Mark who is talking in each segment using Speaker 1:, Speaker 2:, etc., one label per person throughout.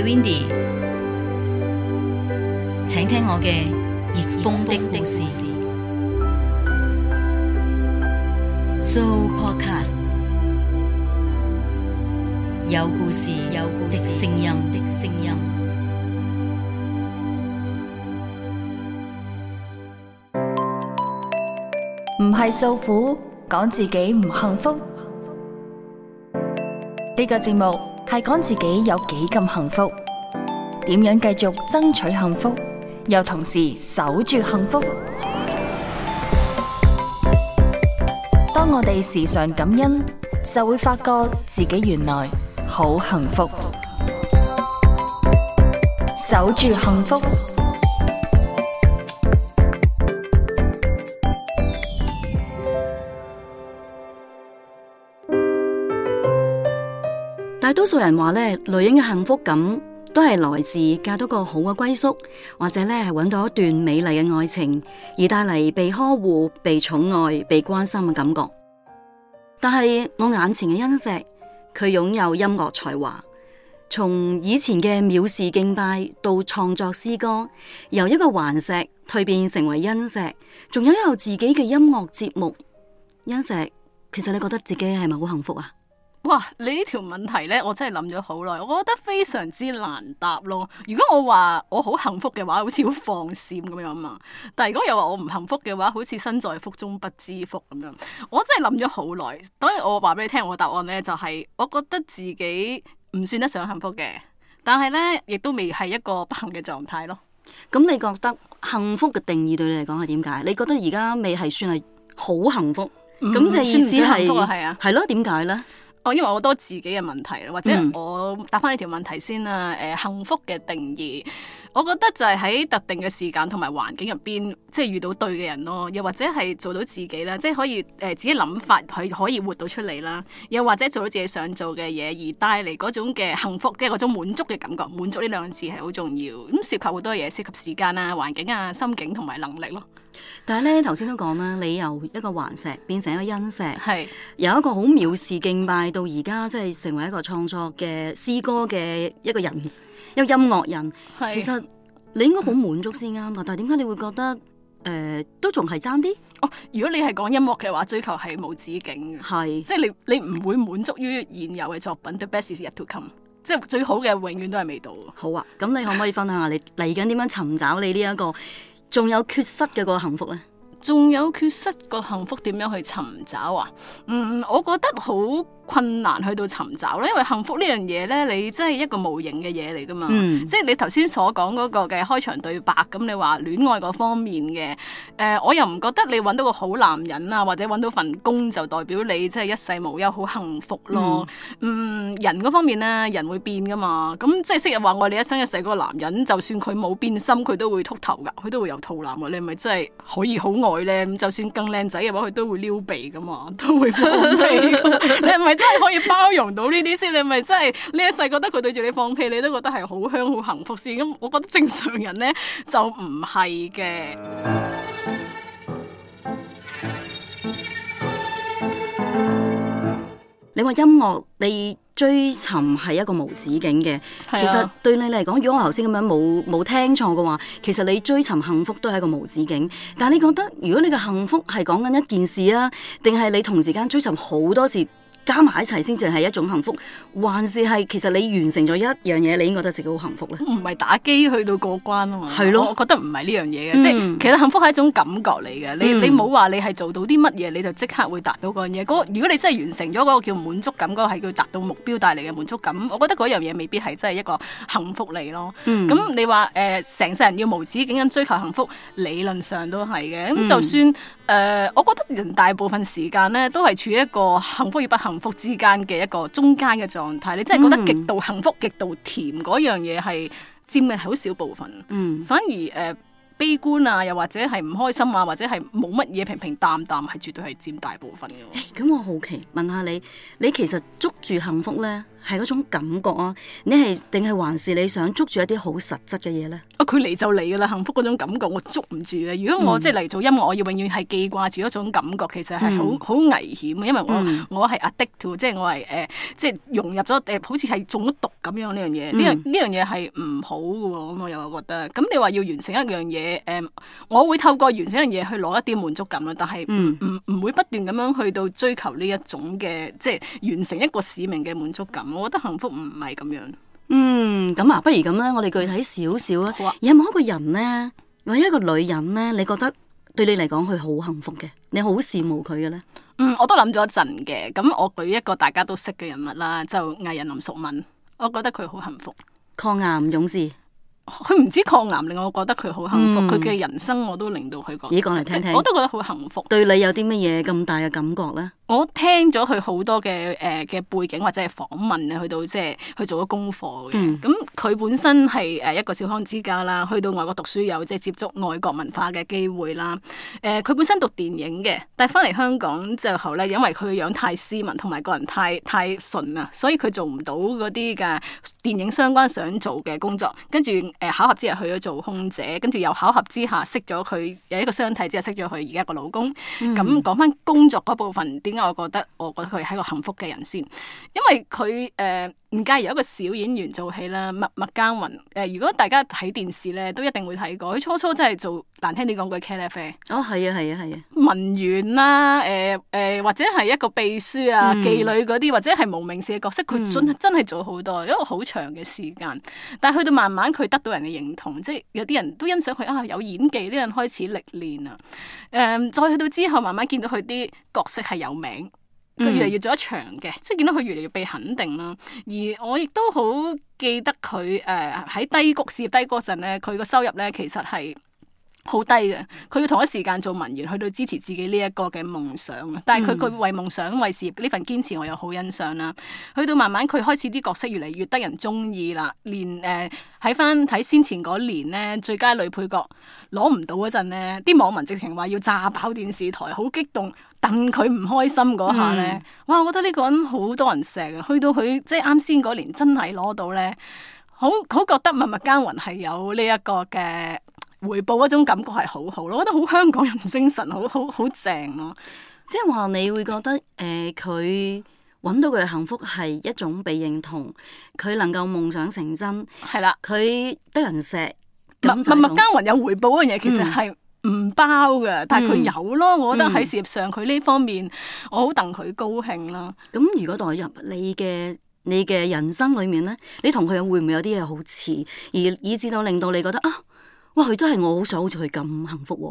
Speaker 1: 係 Windy，請聽我嘅逆風的故事。So podcast 有故事，有故事聲音的聲音，唔係訴苦，講自己唔幸福。呢個節目。係講自己有幾咁幸福，點樣繼續爭取幸福，又同時守住幸福。當我哋時常感恩，就會發覺自己原來好幸福，守住幸福。大多數人話咧，女人嘅幸福感都係來自嫁到個好嘅歸宿，或者咧係搵到一段美麗嘅愛情，而帶嚟被呵護、被寵愛、被關心嘅感覺。但係我眼前嘅欣石，佢擁有音樂才華，從以前嘅藐視敬拜到創作詩歌，由一個頑石蛻變成為欣石，仲擁有自己嘅音樂節目。欣石，其實你覺得自己係咪好幸福啊？
Speaker 2: 哇！你呢條問題咧，我真係諗咗好耐，我覺得非常之難答咯。如果我話我好幸福嘅話，好似好放閃咁樣嘛。但係如果又話我唔幸福嘅話，好似身在福中不知福咁樣。我真係諗咗好耐。當然我話俾你聽，我答案咧就係、是，我覺得自己唔算得上幸福嘅，但係咧亦都未係一個不幸嘅狀態咯。
Speaker 1: 咁你覺得幸福嘅定義對你嚟講係點解？你覺得而家未係算係好幸福？咁就係意思係係咯？點解咧？
Speaker 2: 因為我多自己嘅問題，或者我答翻，呢條問題先啦。誒、呃，幸福嘅定義，我覺得就係喺特定嘅時間同埋環境入邊，即係遇到對嘅人咯，又或者係做到自己啦，即係可以誒、呃、自己諗法去可以活到出嚟啦，又或者做到自己想做嘅嘢，而帶嚟嗰種嘅幸福，即係嗰種滿足嘅感覺，滿足呢兩字係好重要。咁涉及好多嘢，涉及時間啊、環境啊、心境同埋能力咯。
Speaker 1: 但係咧，頭先都講啦，你由一個頑石變成一個恩石，係是由一個好藐視敬拜到而家，即係成為一個創作嘅詩歌嘅一個人，一個音樂人。是其實你應該好滿足先啱，但係點解你會覺得誒、呃，都仲係爭啲？哦，如果
Speaker 2: 你係講音樂嘅話，追求係無止境係是即係你你唔會滿足於現有嘅作品，the best is yet to come，即係最好嘅永遠都係未到。好
Speaker 1: 啊，咁你可唔可以分享下你嚟
Speaker 2: 緊點樣尋找你呢、這、一個？仲有缺失嘅個幸福咧？仲有缺失個幸福點樣去尋找啊？嗯，我覺得好困難去到尋找啦，因為幸福呢樣嘢咧，你真係一個無形嘅嘢嚟噶嘛。嗯、即係你頭先所講嗰個嘅開場對白，咁你話戀愛嗰方面嘅，誒、呃，我又唔覺得你揾到個好男人啊，或者揾到份工就代表你真係一世無憂好幸福咯。嗯，嗯，人嗰方面咧，人會變噶嘛。咁即係昔日話愛你一生一世嗰個男人，就算佢冇變心，佢都會禿頭噶，佢都會有肚腩。你係咪真係可以好愛咧？咁就算更靚仔嘅話，佢都會撩鼻噶嘛，都會放屁。你係咪？真係可以包容到呢啲先，你咪真係呢一世覺得佢對住你放屁，你都覺得係好香好幸福先。咁我覺得正常人咧就唔係嘅。
Speaker 1: 你話音樂你追尋係一個無止境嘅，其實對你嚟講，如果我頭先咁樣冇冇聽錯嘅話，其實你追尋幸福都係一個無止境。但係你覺得，如果你嘅幸福係講緊一件事啊，定係你同時間追尋好多事？加埋一齊先至係一種幸福，還是係其實你完成咗一樣嘢，你已經覺得自己好幸福咧？唔係打機去到過
Speaker 2: 關啊嘛，係對咯？我覺得唔係呢樣嘢嘅，嗯、即係其實幸福係一種感覺嚟嘅。你你冇話你係做到啲乜嘢，你就即刻會達到嗰樣嘢。如果你真係完成咗嗰個叫滿足感，嗰、嗰個係叫達到目標帶嚟嘅滿足感。我覺得嗰樣嘢未必係真係一個幸福嚟咯。咁、嗯、你話誒，成、呃、世人要無止境咁追求幸福，理論上都係嘅。咁就算誒、呃，我覺得人大部分時間咧，都係處於一個幸福與不幸。幸福之間嘅一個中間嘅狀態，你真係覺得極度幸福，嗯、極度甜嗰樣嘢，係佔嘅好少部分。嗯，反而誒、呃、悲觀啊，又或者係唔開心啊，或者係冇乜嘢平平淡淡，係絕對係佔大部分
Speaker 1: 嘅。咁、哎、我好奇問下你，你其實捉住幸福呢？係嗰種感覺啊，你係定係還是你想捉住一啲好實質嘅嘢咧？啊，
Speaker 2: 佢嚟就嚟噶啦，幸福嗰種感覺我捉唔住啊！如果我、嗯、即係嚟做音樂，我要永遠係記掛住嗰種感覺，其實係好好危險啊！因為我、嗯、我係 addict to 即係我係誒、呃，即係融入咗誒、呃，好似係中咗毒咁樣呢樣嘢。呢、嗯、樣呢樣嘢係唔好噶喎，咁我又覺得。咁你話要完成一樣嘢，誒、呃，我會透過完成一樣嘢去攞一啲滿足感咯。但係唔唔會不斷咁樣去到追求呢一種嘅，即係完成一個使命嘅滿足感。我覺得幸福唔係咁樣。
Speaker 1: 嗯，咁啊，不如咁啦，我哋具體少少啊。好啊。有冇一個人咧，或者一個女人咧，你覺得對你嚟講佢好幸福嘅，你好羨慕佢嘅咧？
Speaker 2: 嗯，我都諗咗一陣嘅。咁我舉一個大家都識嘅人物啦，就藝人林淑敏。我覺得佢好幸福，
Speaker 1: 抗癌勇士。
Speaker 2: 佢唔止抗癌，令我覺得佢好幸福。佢嘅人生我都令到佢講。咦，講嚟聽聽。我都覺得好幸福。對你
Speaker 1: 有啲乜嘢咁大嘅感覺咧？
Speaker 2: 我聽咗佢好多嘅誒嘅背景或者係訪問啊，去到即係去做咗功課嘅。咁佢、嗯、本身係誒一個小康之家啦，去到外國讀書有即係接觸外國文化嘅機會啦。誒、呃，佢本身讀電影嘅，但係翻嚟香港之後咧，因為佢個樣太斯文同埋個人太太純啊，所以佢做唔到嗰啲嘅電影相關想做嘅工作。跟住誒巧合之下去咗做空姐，跟住又巧合之下識咗佢，有一個相睇之後識咗佢而家個老公。咁、嗯嗯、講翻工作嗰部分點？我覺得，我覺得佢係一個幸福嘅人先，因為佢誒。呃唔介意一個小演員做戲啦，默默耕耘。誒、呃，如果大家睇電視咧，都一定會睇過。佢初初真係做難聽啲講句茄哩啡。哦，係啊，係啊，係啊。文員啦、啊，誒、呃、誒、呃，或者係一個秘書啊，嗯、妓女嗰啲，或者係無名氏嘅角色，佢真真係做好多，因為好長嘅時間。但係去到慢慢，佢得到人嘅認同，即係有啲人都欣賞佢啊，有演技。啲人開始歷練啊，誒、嗯，再去到之後，慢慢見到佢啲角色係有名。佢越嚟越做一場嘅，嗯、即係見到佢越嚟越被肯定啦。而我亦都好記得佢誒喺低谷事業低嗰陣咧，佢個收入咧其實係好低嘅。佢要同一時間做文員，去到支持自己呢一個嘅夢想啊！但係佢佢為夢想為事業呢份堅持，我又好欣賞啦。去到慢慢佢開始啲角色越嚟越得人中意啦。連誒喺翻睇先前嗰年咧最佳女配角攞唔到嗰陣咧，啲網民直情話要炸爆電視台，好激動。戥佢唔開心嗰下咧，嗯、哇！我覺得呢個人好多人錫啊，去到佢即係啱先嗰年真係攞到咧，好好覺得默默耕耘係有呢一個嘅回報，嗰種感覺係好好咯。我覺得好香港人精神，好好好正咯、
Speaker 1: 啊。即係話你會覺得誒，佢、呃、搵到佢嘅幸福係一種被認同，佢能夠夢想成真，係啦的，佢得人錫
Speaker 2: 默默耕耘有回報嗰樣嘢，嗯、其實係。唔包嘅，但係佢有咯。嗯、我覺得喺事業上佢呢方面，嗯、我好戥佢高興啦。咁如果代入你嘅
Speaker 1: 你嘅人生裏面咧，你同佢會唔會有啲嘢好似，而以，以至到令到你覺得啊，
Speaker 2: 哇佢都係我好想好似佢咁幸福、啊。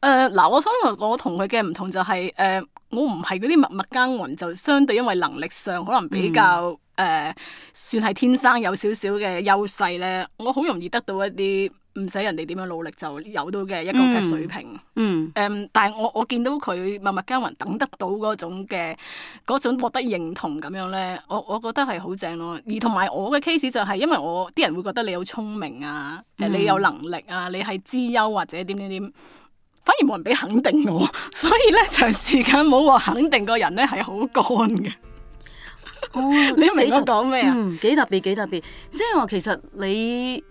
Speaker 2: 誒、呃，嗱、呃，我通常我同佢嘅唔同就係、是，誒、呃，我唔係嗰啲默默耕耘，就相對因為能力上可能比較誒、嗯呃，算係天生有少少嘅優勢咧，我好容易得到一啲。唔使人哋點樣努力就有到嘅一個嘅水平，誒、嗯，嗯 um, 但係我我見到佢默默耕耘等得到嗰種嘅嗰種獲得認同咁樣呢。我我覺得係好正咯。而同埋我嘅 case 就係、是、因為我啲人會覺得你有聰明啊，嗯、你有能力啊，你係資優或者點點點，反而冇人俾肯定我，所以咧長時間冇話肯定個人咧係好乾嘅。哦、 你
Speaker 1: 明我講咩啊？嗯，幾特別幾特別，即係話其實你。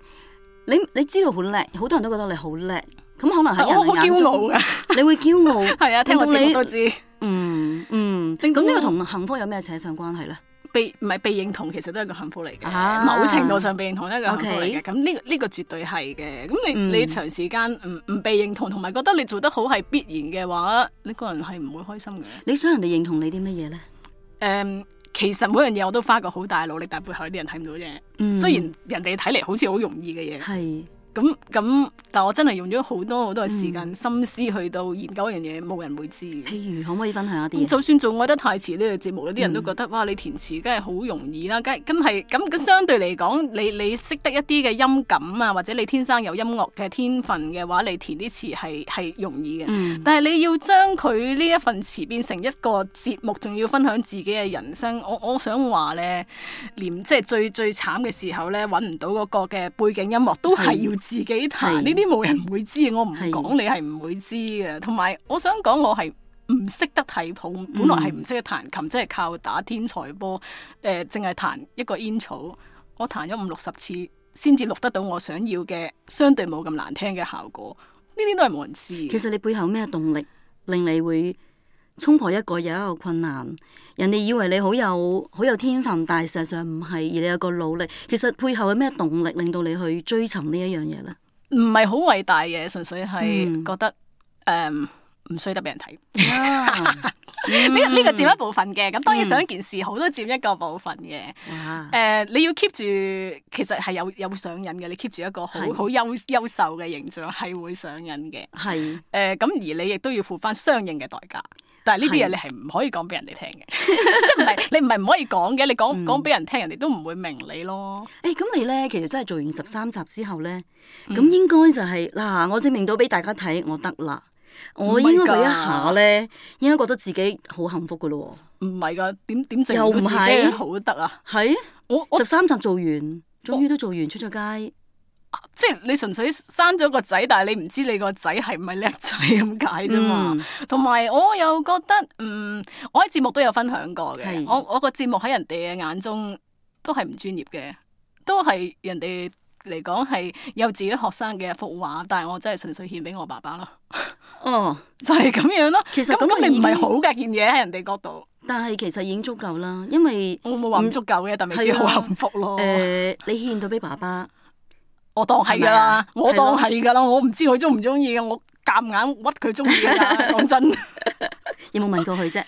Speaker 1: 你你知道好叻，好多人都覺得你好叻，咁可能喺人眼中，我好驕傲㗎， 你會驕傲，係 啊，聽我講你都知嗯。嗯
Speaker 2: 嗯。咁呢了個同幸福有咩扯上關係咧？被唔係被認同，其實都係個幸福嚟嘅，啊、某程度上被認同呢一個幸福嚟嘅。咁呢 Okay.、這個呢、這個絕對係嘅。咁你你,你長時間唔唔被認同，同埋覺得你做得好係必然嘅話，你個人係唔會開心嘅。你想人哋認同你啲乜嘢咧？誒。Um, 其實每樣嘢我都花過好大努力，但係背後有啲人睇唔到啫。嗯、雖然人哋睇嚟好似好容易嘅嘢。係。咁咁，但我真係用咗好多好多嘅時間、嗯、心思去到研究一樣嘢，冇人會知。譬如可唔可以分享一啲？就算做愛得太遲呢、這個節目，有啲、嗯、人都覺得哇，你填詞梗係好容易啦，梗係真係咁相對嚟講，你你識得一啲嘅音感啊，或者你天生有音樂嘅天分嘅話，你填啲詞係係容易嘅。嗯、但係你要將佢呢一份詞變成一個節目，仲要分享自己嘅人生，我我想話咧，連即係最最慘嘅時候咧，搵唔到嗰個嘅背景音樂都係、嗯、要。自己彈呢啲冇人會知，我唔講你係唔會知嘅。同埋的我想講，我係唔識得睇譜，本來係唔識得彈琴，即、就、係、是、靠打天才波，誒、呃，淨係彈一個 intro，我彈咗五六十次，先至錄得到我想要嘅相對冇咁難聽嘅效果。
Speaker 1: 呢啲都係冇人知。其實你背後咩動力令你會衝破一個又一個困難？人哋以為你好有好有天分，但係實際上唔係。而你有個努力，其實背後有咩動力令到你去追尋呢一樣嘢咧？
Speaker 2: 唔係好偉大嘅，純純粹係覺得誒唔、嗯呃、需得俾人睇。呢呢個佔一部分嘅，咁當然想一件事好多佔一個部分嘅。誒、啊呃，你要 keep 住，其實係有有上癮嘅。你 keep 住一個的好好優優秀嘅形象，係會上癮嘅。係誒咁，的而你亦都要付翻相應嘅代價。但係呢啲嘢你係唔可以講俾人哋聽嘅， 即係唔係你唔係唔可以講嘅，你講講俾人聽，人哋都唔會明你咯。誒、欸，咁你咧其實真係做完十三集之後咧，咁、嗯、
Speaker 1: 應該就係、是、嗱、啊，我證明到俾大家睇，我得啦，嗯、我應該佢一下咧，應該覺得自己好幸福噶咯喎。唔係㗎，點點證明自己好得啊？係、啊啊、我十三集做
Speaker 2: 完，終於都做完，出咗街。即係你純粹生咗個仔，但係你唔知你個仔係唔係叻仔咁解啫嘛。同埋、嗯、我又覺得，嗯，我喺節目都有分享過嘅的。我我個節目喺人哋嘅眼中都係唔專業嘅，都係人哋嚟講係有自己學生嘅一幅畫，但係我真係純粹獻俾我爸爸咯。
Speaker 1: 哦、嗯，就係咁樣咯。其實咁，咁你唔係好
Speaker 2: 嘅件嘢喺人哋嗰度。但係其實已經足夠啦，因為我冇話唔足夠嘅，
Speaker 1: 嗯、但係你知好幸福咯。誒、嗯呃，你獻到俾爸爸。我當係噶啦，我當係
Speaker 2: 噶啦，我唔知佢中唔中意嘅，我夾硬屈佢中意噶啦，講真。有冇問過佢啫？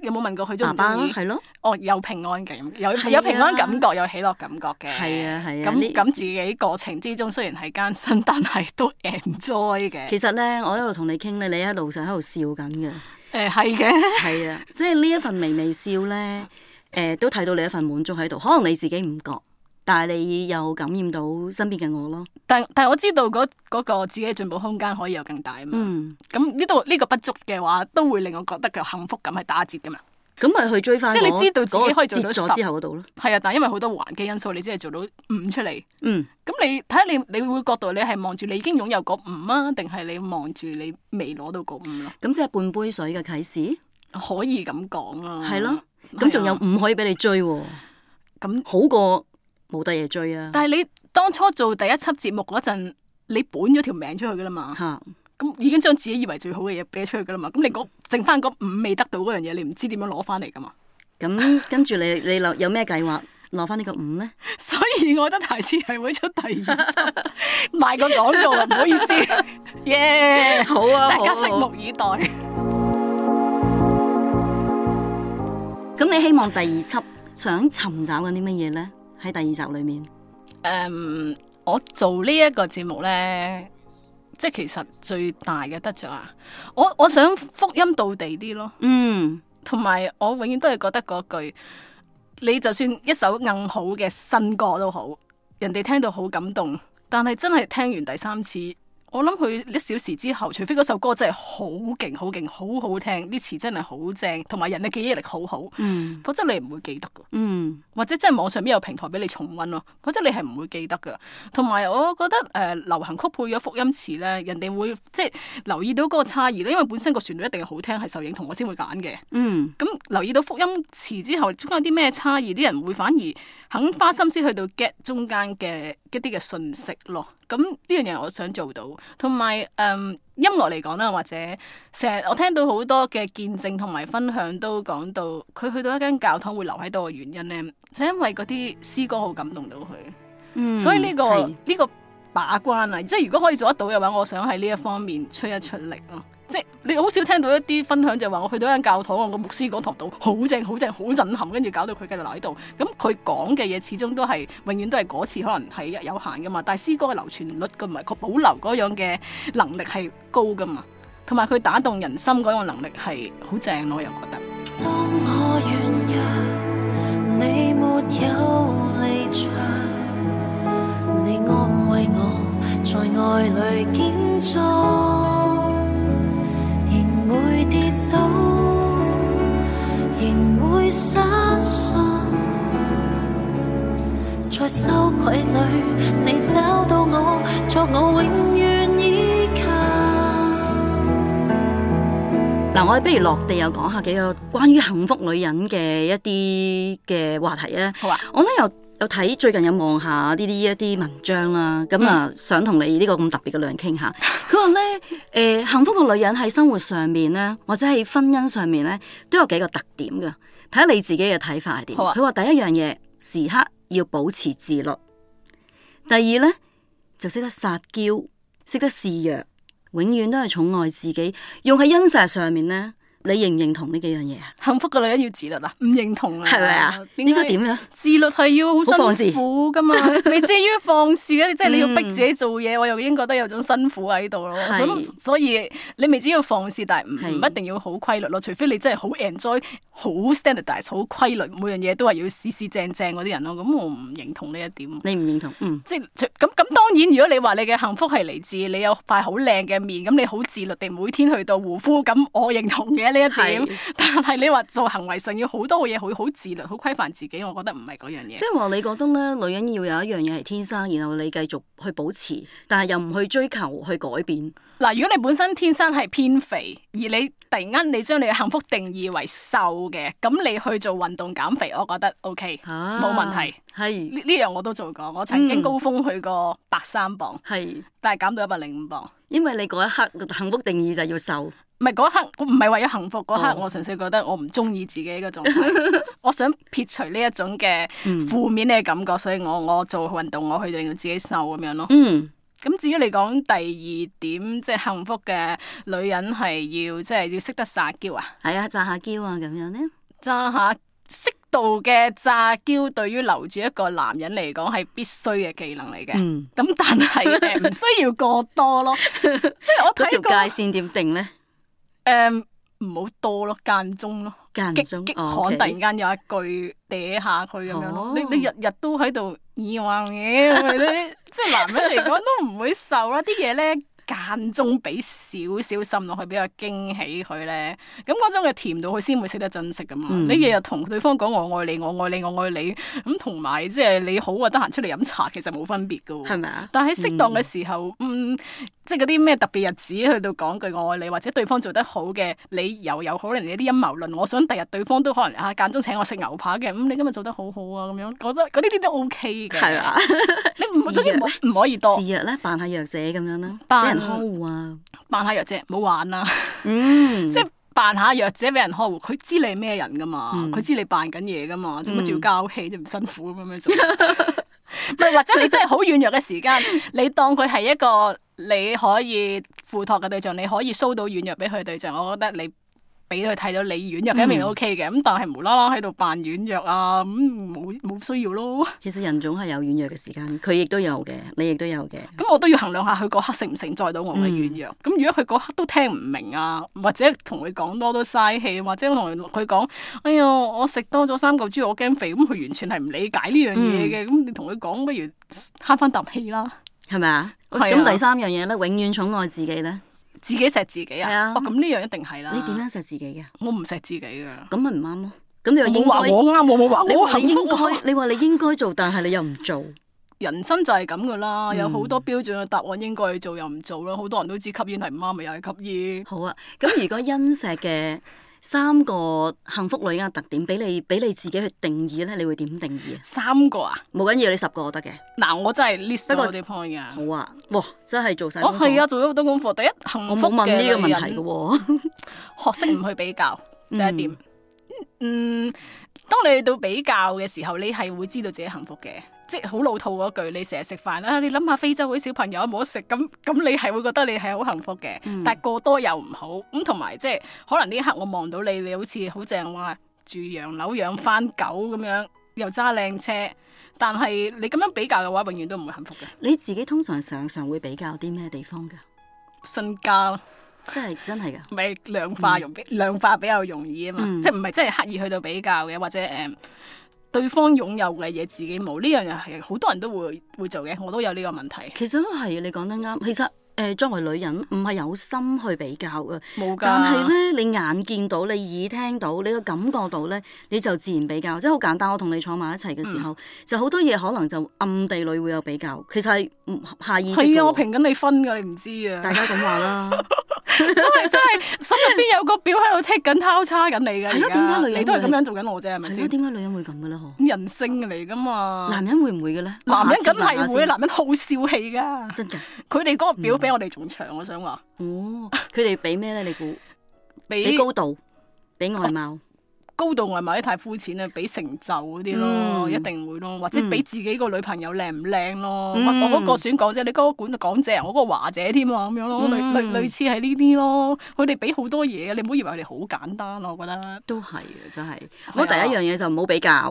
Speaker 2: 有冇問過佢中唔中意？係咯、啊，哦，有平安嘅，有、啊、有平安感覺，有喜樂感覺嘅，係啊係啊。咁咁自己過程之中雖然係艱辛，但係都 enjoy 嘅。其實
Speaker 1: 咧，我一路同你傾咧，你一路上喺度笑緊嘅。誒、呃，係嘅，係啊是的， 即係呢一份微微笑咧，誒、呃，都睇到你一份滿足喺度，可能你自己唔覺。但係你又感染到身邊嘅我咯。但但我知
Speaker 2: 道嗰嗰個自己嘅進步空間可以有更大啊嘛。咁呢度呢個不足嘅話，都會令我覺得嘅幸福感係打折噶嘛。咁咪、嗯、去追翻、那個、即係你知道自己可以做到十之後嗰度咯。係啊，但係因為好多環境因素，你只係做到五出嚟。嗯。咁你睇下你你會覺得，你係望住你已經擁有嗰五啊，定係你望住你未攞到嗰五咯？咁、嗯、即係半杯水嘅啟示？可以咁講咯。係咯。
Speaker 1: 咁仲有五可以俾你追、啊。咁好過。冇得嘢追啊！
Speaker 2: 但係你當初做第一輯節目嗰陣，你本咗條名出去噶啦嘛？吓，咁已經將自己以為最好嘅嘢俾咗出去噶啦嘛？咁你講剩翻五未得到嗰樣嘢，你唔知點樣攞翻嚟噶嘛？
Speaker 1: 咁跟住你你有咩計劃攞翻呢個五咧？
Speaker 2: 所以我覺得下次係會出第二輯，賣個廣告啦，唔好意思。
Speaker 1: 耶，好啊，大家拭目以待。咁你希望第二輯想尋
Speaker 2: 找緊啲乜嘢咧？喺第二集裏面，誒，um, 我做呢一個節目呢，即係其實最大嘅得着啊！我我想福音到地啲咯，嗯，同埋我永遠都係覺得嗰句，你就算一首更好嘅新歌都好，人哋聽到好感動，但係真係聽完第三次。我諗佢一小時之後，除非嗰首歌真係好勁、好勁、好好聽，啲詞真係好正，同埋人嘅記憶力好好，mm. 否則你唔會記得㗎。Mm. 或者即係網上邊有平台俾你重溫咯，否則你係唔會記得嘅。同埋我覺得，誒、呃，流行曲配咗福音詞咧，人哋會即係留意到嗰個差異咧，因為本身個旋律一定係好聽，係受影響我先會揀嘅。咁、mm. 留意到福音詞之後，中間有啲咩差異，啲人會反而肯花心思去到 get 中間嘅一啲嘅信息咯。咁呢樣嘢，我想做到。同埋，嗯，音樂嚟講啦，或者成日我聽到好多嘅見證同埋分享，都講到佢去到一間教堂會留喺度嘅原因呢，就因為嗰啲詩歌好感動到佢。嗯，所以呢個呢個把關啊，即係如果可以做得到嘅話，我想喺呢一方面出一出力咯。即係你好少聽到一啲分享，就係話我去到一間教堂，我個牧師講堂度好正，好正，好震撼，跟住搞到佢繼續留喺度。咁佢講嘅嘢始終都係永遠都係嗰次，可能係有限噶嘛。但係詩歌嘅流傳率，佢唔係佢保留嗰樣嘅能力係高噶嘛，同埋佢打動人心嗰樣能力係好正咯，我又覺得。
Speaker 1: 當我軟弱，你沒有離場，你安慰我。你你有安慰我永遠依靠。嗱，我哋不如落地又講下幾個關於幸福女人嘅一啲嘅話題啊。好啊！我咧又有睇最近有望下呢啲一啲文章啦，咁啊、嗯、想同你呢個咁特別嘅女人傾下。佢話咧，誒、呃，幸福嘅女人喺生活上面咧，或者喺婚姻上面咧，都有幾個特點噶。睇下你自己嘅睇法係點。佢話、啊、第一樣嘢，時刻要保持自律。第二咧。就識得撒嬌，識得示弱，永遠都係寵愛自己，用喺恩石上面咧。
Speaker 2: 你認唔認同呢幾樣嘢啊？幸福嘅女人要自律啊？唔認同啊？係咪啊？應該點樣？自律係要好辛苦噶嘛？你至於放肆你 即係你要逼自己做嘢，嗯、我又已經覺得有種辛苦喺度咯。所以你未至於放肆，但係唔一定要好規律咯。是除非你真係好 enjoy、好 standard，i z e 好規律，每樣嘢都係要絲絲正正嗰啲人咯。咁我唔認同呢一點。你唔認同？嗯、即係咁咁。當然，如果你話你嘅幸福係嚟自你有塊好靚嘅面，咁你好自律地，自律地每天去到護膚，咁我認同嘅。呢一點，是但係你話做行為上要好多嘢，佢好自律、好規範自己，我覺得唔係嗰樣嘢。即係
Speaker 1: 話你覺得咧，女人要有一樣嘢係天生，然後你繼續去保持，但係又唔去追求去改變。
Speaker 2: 嗱，如果你本身天生係偏肥，而你突然間你將你嘅幸福定義為瘦嘅，咁你去做運動減肥，我覺得 OK，冇問題。係呢，呢樣我都做過，我曾經高峰去過百三磅，係、嗯，但係減到一百零五磅。因為你嗰一刻嘅幸福定義就要瘦。唔係嗰刻，我唔係為咗幸福嗰刻，我純粹覺得我唔中意自己嗰種，哦、 我想撇除呢一種嘅負面嘅感覺，嗯、所以我我做運動，我去令到自己瘦咁樣咯。嗯，咁至於你講第二點，即係幸福嘅女人係要即係要識得詐嬌啊？係啊、嗯，詐 下嬌啊，咁樣咧？詐下適度嘅詐嬌，對於留住一個男人嚟講係必須嘅技能嚟嘅。嗯。咁 但係唔需要過多咯。即係我睇條界線點定咧？誒，唔好多咯，間中咯中，激激喊 Okay. 突然間有一句嗲下佢咁樣咯，oh. 你你日日都喺度耳忘耳，咁樣 即係男人嚟講都唔會受啦，啲嘢咧間中俾少少心落去，比較驚喜佢咧，咁嗰種嘅甜度佢先會識得珍惜噶嘛，嗯、你日日同對方講我愛你，我愛你，我愛你，咁同埋即係你好啊，得閒出嚟飲茶，其實冇分別噶喎，係咪啊？但喺適當嘅時，時候，嗯。嗯即係嗰啲咩特別日子去到講句我愛你，或者對方做得好嘅理由，你又有,有可能有啲陰謀論。我想第日對方都可能啊間中請我食牛扒嘅，咁、嗯、你今日做得好好啊咁樣，覺得嗰呢啲都 OK 嘅。係啊是吧， 你
Speaker 1: 唔可以多，示弱咧，扮下弱者咁樣啦，
Speaker 2: 俾人保護啊。扮下弱者，唔好玩啦。嗯
Speaker 1: 下。
Speaker 2: 即係扮下弱者俾、嗯、 人保護，佢知你係咩人噶嘛？佢、嗯、知你扮緊嘢噶嘛？做乜仲要交戲啫？唔辛苦咁樣做。 唔係， 或者你真係好軟弱嘅時間，你當佢係一個你可以付託嘅對象，你可以 show 到軟弱俾佢嘅對象，我覺得你。俾佢睇到你軟弱一面都 O K 嘅，咁、嗯、但係無啦啦喺度扮軟弱啊，咁冇冇需要咯。其實人總係有軟弱嘅時間，佢亦都有嘅，你亦都有嘅。咁我都要衡量下佢嗰刻承唔承載到我嘅軟弱。咁、嗯、如果佢嗰刻都聽唔明啊，或者同佢講多都嘥氣，或者同佢講，哎呀我食多咗三嚿豬我驚肥，咁佢完全係唔理解呢樣嘢嘅。咁、嗯、你同佢講不如慳翻啖氣啦。
Speaker 1: 係咪、嗯、吧啊？咁第三樣嘢咧，永遠寵愛自己咧。自己錫自己啊！係啊、哦，咁呢樣一定係啦。你點樣錫自己
Speaker 2: 嘅？我唔錫自己噶。咁咪唔啱咯？咁又冇話我啱，你你應該我冇話我幸福。你你話你，你應該做，但係你又唔做。人生就係咁噶啦，嗯、有好多標準嘅答案應該去做又唔做啦。好多人都知吸煙係唔啱，咪又係吸煙。好啊，咁如果因錫嘅。
Speaker 1: 三個幸福女人嘅特點，俾你俾你自己去定義咧，你會點定義啊？
Speaker 2: 三個啊？
Speaker 1: 冇緊要，你十個我得嘅。
Speaker 2: 嗱，我真係 list 咗啲 point 嘅。好啊，
Speaker 1: 哇，真係做晒，那個。我係啊，做
Speaker 2: 咗好多功課。第一，幸福嘅一個人，學識唔去比較，嗯、第一點。嗯，當你去到比較嘅時候，你係會知道自己幸福嘅。即係好老套嗰句，你成日食飯啦、啊，你諗下非洲嗰啲小朋友冇得食，咁咁你係會覺得你係好幸福嘅。嗯、但過多又唔好咁，同、嗯、埋即係可能呢一刻我望到你，你好似好正話住洋樓養番狗咁樣，又揸靚車，但係你咁樣比較嘅話，永遠都唔會幸福嘅。
Speaker 1: 你自己通常常常會比較啲咩地方㗎？
Speaker 2: 身家咯，即係真係㗎。咪 量化容，嗯、量化比較容易啊嘛，嗯嗯、即係唔係真係刻意去到比較嘅，或者誒？嗯對方擁有嘅嘢自己冇，呢樣嘢係好多人都會會做嘅，我都有呢個問題。其實都係啊，你講得啱。
Speaker 1: 其實。誒，作為女人，唔係有心去比較噶，
Speaker 2: 但係咧，
Speaker 1: 你眼見到，你耳聽到，你個感覺到咧，你就自然比較，即係好簡單。我同你坐埋一齊嘅時候，就好多嘢可能就暗地裏會有比較。其實係下意識。係啊，我評緊你
Speaker 2: 分嘅，你唔知啊。大家咁話啦，真係真係心入邊有個表喺度 tick 緊，交叉緊你嘅。點解女人你都係咁樣做緊我啫？係咪先？點解女人會咁嘅咧？人性嚟噶嘛男
Speaker 1: 人會唔會嘅咧？男人梗係會，男人
Speaker 2: 好小氣噶真噶，佢哋嗰個表。比我哋仲長，我想話哦，
Speaker 1: 佢哋俾咩咧？你估？俾高度，俾外貌。啊
Speaker 2: 高度外貌咧，太膚淺啦，俾成就嗰啲咯，嗯、一定會咯，或者俾自己個女朋友靚唔靚咯，我我嗰個選港姐，你嗰個管到港姐，我嗰個華姐添啊，咁樣咯，類、嗯、類，類似係呢啲咯，佢哋俾好多嘢你唔好以為佢哋好簡單啊，我覺得。都係嘅，真係。我第一樣嘢就唔好比較。啊、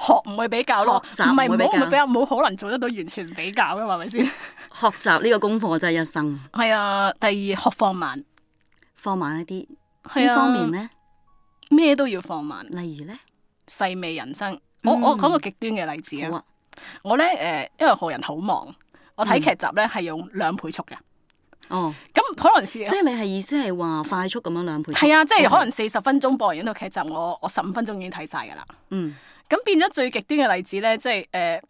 Speaker 2: 學唔會比較
Speaker 1: 咯，唔係唔好唔比較，冇可能做得到完全比較嘅，係咪先？學習呢個功課真係一生。
Speaker 2: 係啊，第二學放慢，放慢一啲，
Speaker 1: 邊方面咧？
Speaker 2: 咩都要放慢，例如咧，細味人生。嗯、我我講個極端嘅例子啊，我咧誒，因為何人好忙，我睇劇集咧係用兩倍速嘅。哦、嗯，
Speaker 1: 咁可能是即係、哦、你係意思係話快速咁樣
Speaker 2: 兩倍速？係啊，即係可能四十分鐘播完一套劇集，我我十五分鐘已經睇曬噶啦。嗯，咁變咗最極端嘅例子咧，即係誒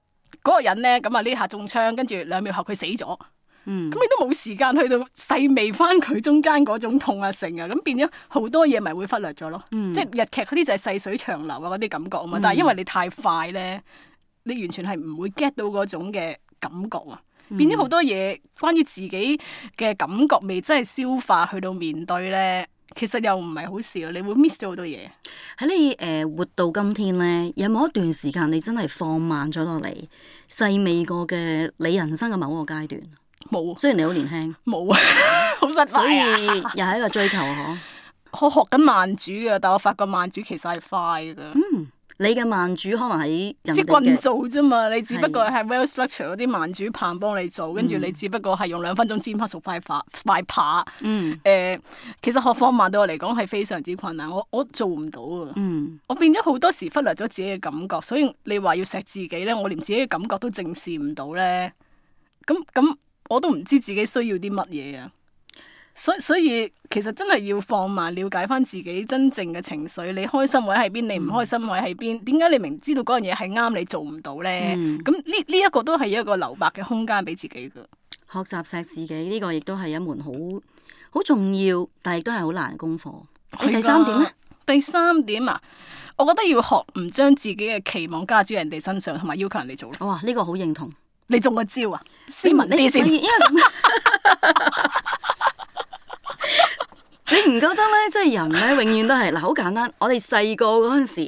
Speaker 2: 嗰個人咧，咁啊呢下中槍，跟住兩秒後佢死咗。咁、嗯、你都冇時間去到細味翻佢中間嗰種痛啊，成、成啊，咁變咗好多嘢，咪會忽略咗咯。嗯、即係日劇嗰啲就係細水長流啊嗰啲感覺啊嘛，嗯、但係因為你太快咧，你完全係唔會 get 到嗰種嘅感覺啊，嗯、變咗好多嘢。關於自己嘅感覺未真係消化去到面對咧，其實又唔係好事咯。你會 miss 咗好多嘢
Speaker 1: 喺你誒、呃、活到今天咧，有冇一段時間你真係放慢咗落嚟細味過嘅你人生嘅某一個階段？冇。雖然你好年輕。
Speaker 2: 冇啊沒有，好 失敗，啊，所以又係一個追求嗬。 吧我學緊慢煮嘅，但我發覺慢煮其實係快嘅。嗯，你嘅慢煮可能係即棍做啫嘛。你只不過係 well structure 嗰啲慢煮棒幫你做，跟住你只不過係用兩分鐘煎下熟塊扒塊扒。快扒，嗯、呃。其實學放慢對我嚟講係非常之困難。我我做唔到啊！嗯、我變咗好多時忽略咗自己嘅感覺，所以你話要錫自己咧，我連自己嘅感覺都正視唔到咧。咁咁。我都唔知自己需要啲乜嘢啊，所以所以其實真係要放慢，了解翻自己真正嘅情緒。你開心位喺邊？你唔開心位喺邊？點解你明知道嗰樣嘢係啱，你做唔到呢？咁呢呢一個都係一個留白嘅空間俾自己噶。學習錫自己呢個亦都係一門好好重要，但係都係好難嘅功課。第三點呢？第三點啊，我覺得要學唔將自己嘅期望加諸人哋身上，同埋要求人哋做。哇！呢個好認同。你中個招啊！斯文啲先，因為
Speaker 1: 你唔覺得咧，即係人咧永遠都係嗱，好簡單。我哋細個嗰陣時,時，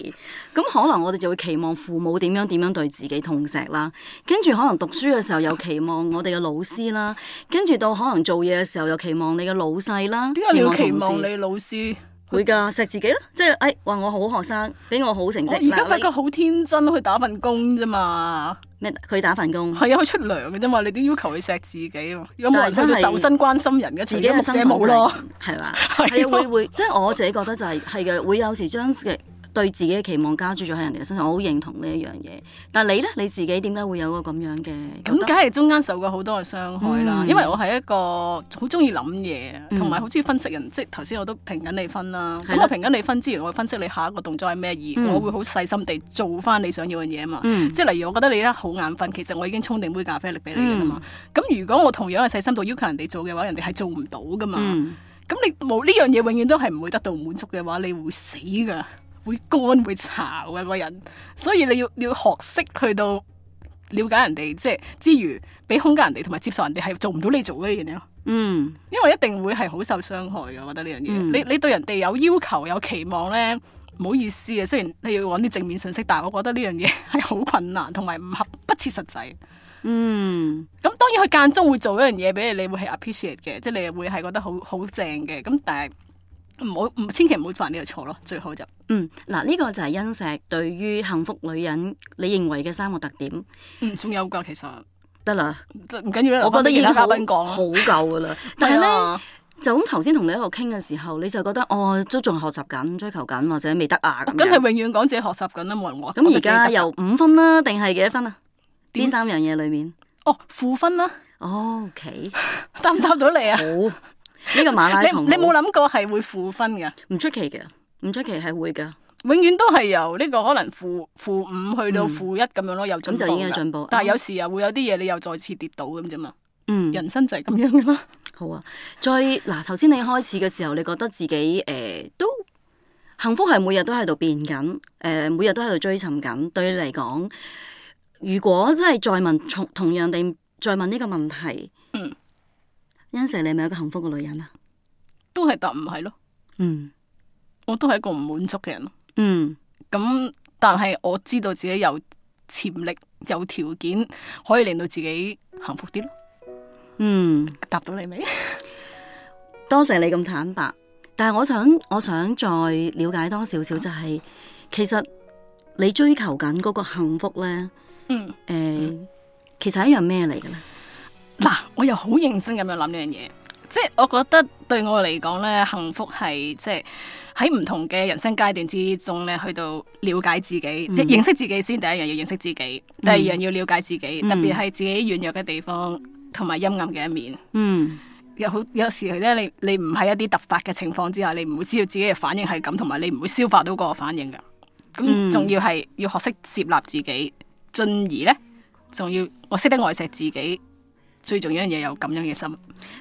Speaker 1: 咁可能我哋就會期望父母點樣點樣對自己痛錫啦。跟住可能讀書嘅時候又期望我哋嘅老師啦。跟住到可能做嘢嘅時候又期望你嘅老細啦。點解要期望你老師？會㗎，錫
Speaker 2: 自己咯，即係誒話我好學生，俾我好成績。而家係個好天真你去打份工啫嘛。咩？佢打份工，係啊，佢出糧嘅啫嘛。你啲要求佢錫自己啊，如果唔係真係受身關心人嘅，自己嘅心冇咯，係嘛？係
Speaker 1: 啊， 會 會，會，即係我自己覺得就係係嘅，會有時將對自己嘅期望加注咗喺人哋嘅身上，我好認同呢一樣嘢。但係你咧，你自己點解會有個咁樣嘅咁？
Speaker 2: 梗係中間受過好多嘅傷害啦。嗯、因為我係一個好鍾意諗嘢，同埋好鍾意分析人。即係頭先我都評緊你分啦。咁的我評緊你分之餘，我會分析你下一個動作係咩。而我會好細心地做返你想要嘅嘢啊嘛。嗯、即係例如我覺得你咧好眼瞓，其實我已經沖定杯咖啡嚟俾你㗎嘛。咁、嗯、如果我同樣係細心到要求人哋做嘅話，人哋係做唔到㗎嘛。咁、嗯、你冇呢樣嘢，永遠都係唔會得到滿足嘅話，你會死㗎。會乾會吵嘅個人，所以你要你要學識去到了解人哋，即係之餘俾空間人哋，同埋接受人哋係做唔到你做呢樣嘢咯。嗯，因為一定會係好受傷害嘅，我覺得呢樣嘢。你你對人哋有要求有期望咧，唔好意思嘅。雖然你要搵啲正面信息，但係我覺得呢樣嘢係好困難，同埋唔合不切實際。嗯、嗯，咁當然佢間中會做一樣嘢俾你，你會係 appreciate 嘅，即係你又會係覺得好好正嘅。咁但係。唔好唔千祈唔好犯呢個錯咯，最好就
Speaker 1: 嗯嗱呢個就係殷石對於幸福女人你認為嘅三個特點嗯，仲有噶其實得啦，唔緊要啦，我覺得而家嘉賓講好夠噶啦，但係咧就咁頭先同你一度傾嘅時候，你就覺得哦都仲學習緊追求緊或者未得啊咁，梗係
Speaker 2: 永遠講自己學習緊啦，冇人話咁而家由五分啦，定係幾多分啊？呢
Speaker 1: 三樣嘢裏面哦負分啦，OK 答唔答
Speaker 2: 到你啊？好。呢個馬拉松你，你冇諗過係會負分嘅？唔出奇嘅，唔出奇係會嘅。永遠都係由呢個可能負負五去到負一咁樣咯，嗯，又咁就已經有進步。嗯，但係有時又會有啲嘢，你又再次跌倒咁啫嘛。嗯，人生就係咁樣噶啦。
Speaker 1: 好啊，再嗱，頭先你開始嘅時候，你覺得自己誒，呃，都幸福都，係每日都喺度變緊，誒，每日都喺度追尋緊。對你嚟講，如果真係再問同同樣地再問呢個問題，嗯。
Speaker 2: 欣 Sir，你係咪一個幸福嘅女人啊？都係，答唔係咯。嗯，我都係一個唔滿足嘅人咯。嗯，咁但係我知道自己有潛力，有條件可以令到自己幸福啲咯。
Speaker 1: 嗯，答到你未？ 多謝你咁坦白，但係我想，我想再了解多少少，就是，就係其實你追求緊嗰個幸福咧，嗯，誒、呃、嗯、其實係一樣咩嚟嘅咧？
Speaker 2: 我又好認真咁樣諗呢樣嘢，即係我覺得對我嚟講咧，幸福係即係喺唔同嘅人生階段之中咧，去到了解自己，嗯、即係認識自己先。第一樣要認識自己，第二樣要了解自己，嗯、特別係自己軟弱嘅地方同埋陰暗嘅一面。嗯，又好有，有時期咧，你你唔喺一啲突發嘅情況之下，你唔會知道自己嘅反應係咁，同埋你唔會消化到嗰個反應噶。咁仲、嗯、要係要學識接納自己，進而咧，仲要我識得愛惜自己。最重要一樣嘢有咁樣嘅心，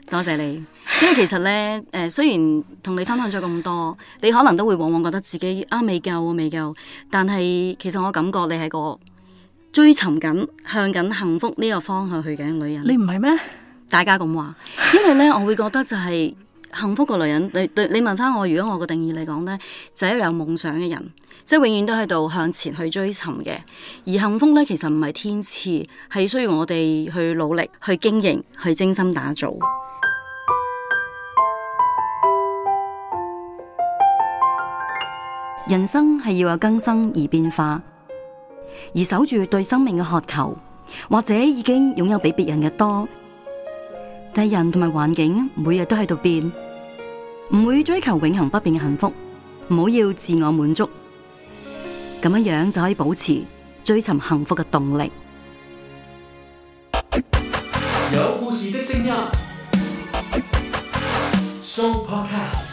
Speaker 1: 多謝你。因為其實咧，誒、呃、雖然同你分享咗咁多，你可能都會往往覺得自己啊未夠，啊未夠。但係其實我感覺你係個追尋緊、向緊幸福呢個方向去嘅女人。你唔係咩？大家咁話，因為咧，我會覺得就係、是。幸福嘅女人，你對你問翻我，如果我嘅定義嚟講呢，就係一個有夢想嘅人，即係永遠都喺度向前去追尋嘅。而幸福呢，其實唔係天賜，係需要我哋去努力、去經營、去精心打造。人生係要有更新而變化，而守住對生命嘅渴求，或者已經擁有比別人嘅多。但係人同埋環境每日都喺度變，唔會追求永恒不變嘅幸福，唔好要自我滿足，咁樣樣就可以保持追尋幸福嘅動力。有故事嘅聲音
Speaker 2: ，Sound Podcast。